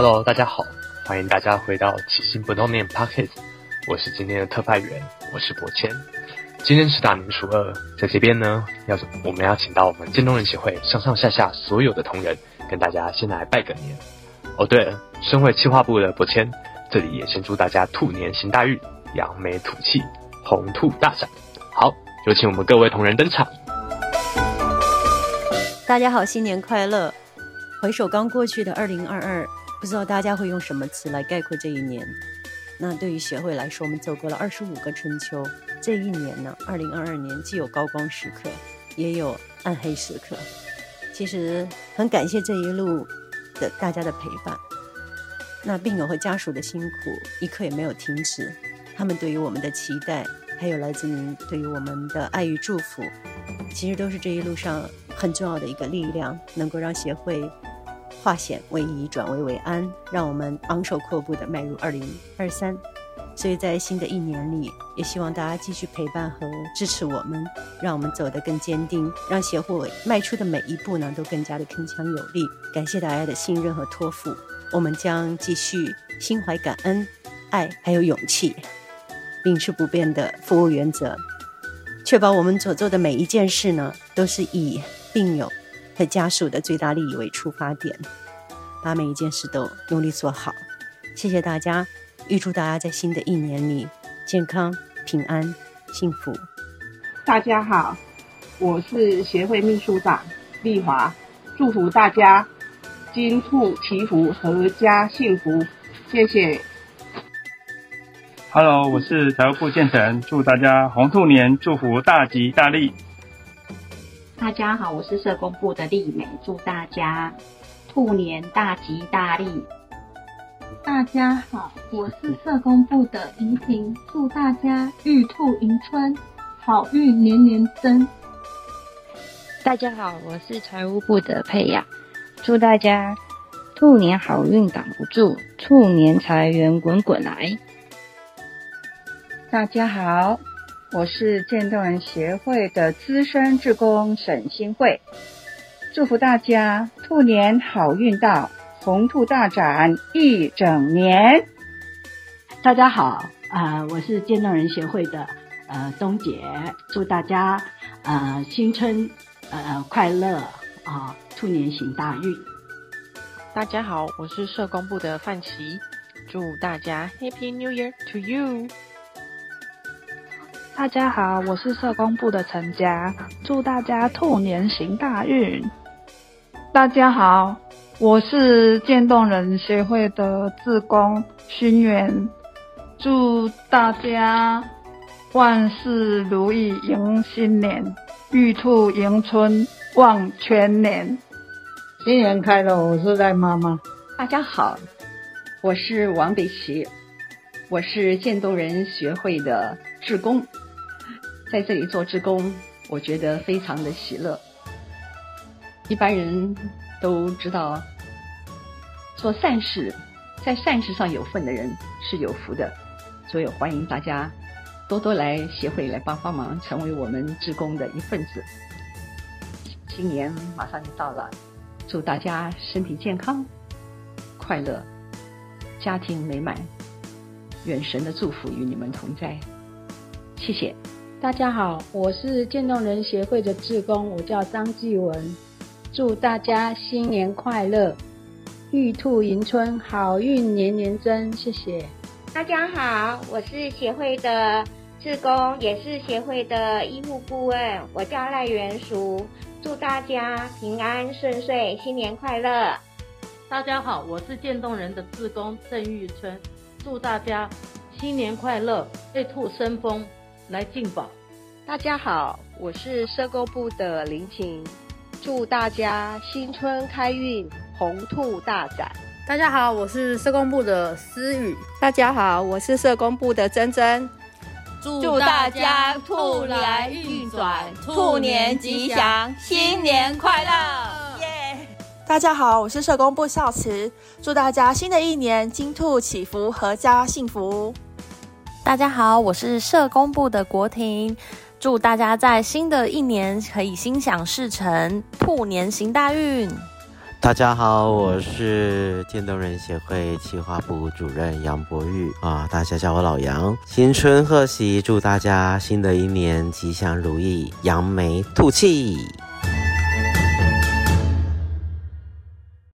Hello，大家好，歡迎大家回到《起心不凍念》Podcast，我是今天的特派員，我是博謙。今天是大年初二，在這邊呢，要我們要請到我們漸凍人協會上上下下所有的同仁，跟大家先來拜個年。哦，對了，身為企劃部的博謙，這裡也先祝大家兔年行大運，揚眉吐氣，鴻兔大展。好，有請我們各位同仁登場。大家好，新年快樂！回首剛過去的二零二二。不知道大家會用什麼詞來概括這一年？那對於協會來說，我們走過了二十五個春秋。這一年呢，二零二二年既有高光時刻，也有暗黑時刻。其實很感謝這一路的大家的陪伴。那病友和家屬的辛苦一刻也沒有停止。他們對於我們的期待，還有來自您對於我們的愛與祝福，其實都是這一路上很重要的一個力量，能夠讓協會。化險為夷，轉危為安，讓我們昂首闊步地邁入二零二三。所以在新的一年裡，也希望大家繼續陪伴和支持我們，讓我們走得更堅定，讓協會邁出的每一步呢，都更加的鏗鏘有力。感謝大家的信任和托付，我們將繼續心懷感恩、愛還有勇氣，秉持不變的服務原則，確保我們所做的每一件事呢，都是以病友，和家屬的最大利益為出發點，把每一件事都努力做好。謝謝大家，預祝大家在新的一年裡健康、平安、幸福。大家好，我是協會秘書長麗華，祝福大家金兔祈福，闔家幸福。謝謝。Hello，我是財務部建成，祝大家紅兔年，祝福大吉大利。大家好，我是社工部的麗美，祝大家兔年大吉大利。大家好，我是社工部的怡婷，祝大家玉兔迎春，好運年年增。大家好，我是財務部的佩雅，祝大家兔年好運擋不住，兔年財源滾滾來。大家好。我是漸凍人協會的資深志工沈新慧，祝福大家兔年好運到，鴻兔大展一整年。大家好，啊、呃，我是漸凍人協會的呃冬姐，祝大家呃新春呃快樂啊、呃，兔年行大運。大家好，我是社工部的范琪，祝大家 Happy New Year to you。大家好，我是社工部的陳佳，祝大家兔年行大運。大家好，我是漸凍人協會的志工勳元，祝大家萬事如意，迎新年，玉兔迎春，旺全年。新年快樂！我是賴媽媽。大家好，我是王北琪，我是漸凍人協會的志工。在這裡做志工，我覺得非常的喜樂。一般人都知道，做善事，在善事上有份的人是有福的，所以歡迎大家多多來協會來幫幫忙，成為我們志工的一份子。新年馬上就到了，祝大家身體健康、快樂、家庭美滿，願神的祝福與你們同在。謝謝。大家好，我是漸凍人協會的志工，我叫張繼文，祝大家新年快樂，玉兔迎春，好運年年增，謝謝。大家好，我是協會的志工，也是協會的醫護顧問，我叫賴元淑，祝大家平安順遂，新年快樂。大家好，我是漸凍人的志工鄭玉春，祝大家新年快樂，瑞兔生風。來進寶！大家好，我是社工部的林晴，祝大家新春開運，鴻兔大展！大家好，我是社工部的思雨。大家好，我是社工部的珍珍，祝大家兔來運轉，兔年吉祥，新年快樂！耶！大家好，我是社工部少慈，祝大家新的一年金兔祈福，闔家幸福。大家好，我是社工部的國婷，祝大家在新的一年可以心想事成，兔年行大運。大家好，我是漸凍人協會企劃部主任楊博玉啊，大家叫我老楊。新春賀喜，祝大家新的一年吉祥如意，揚眉吐氣。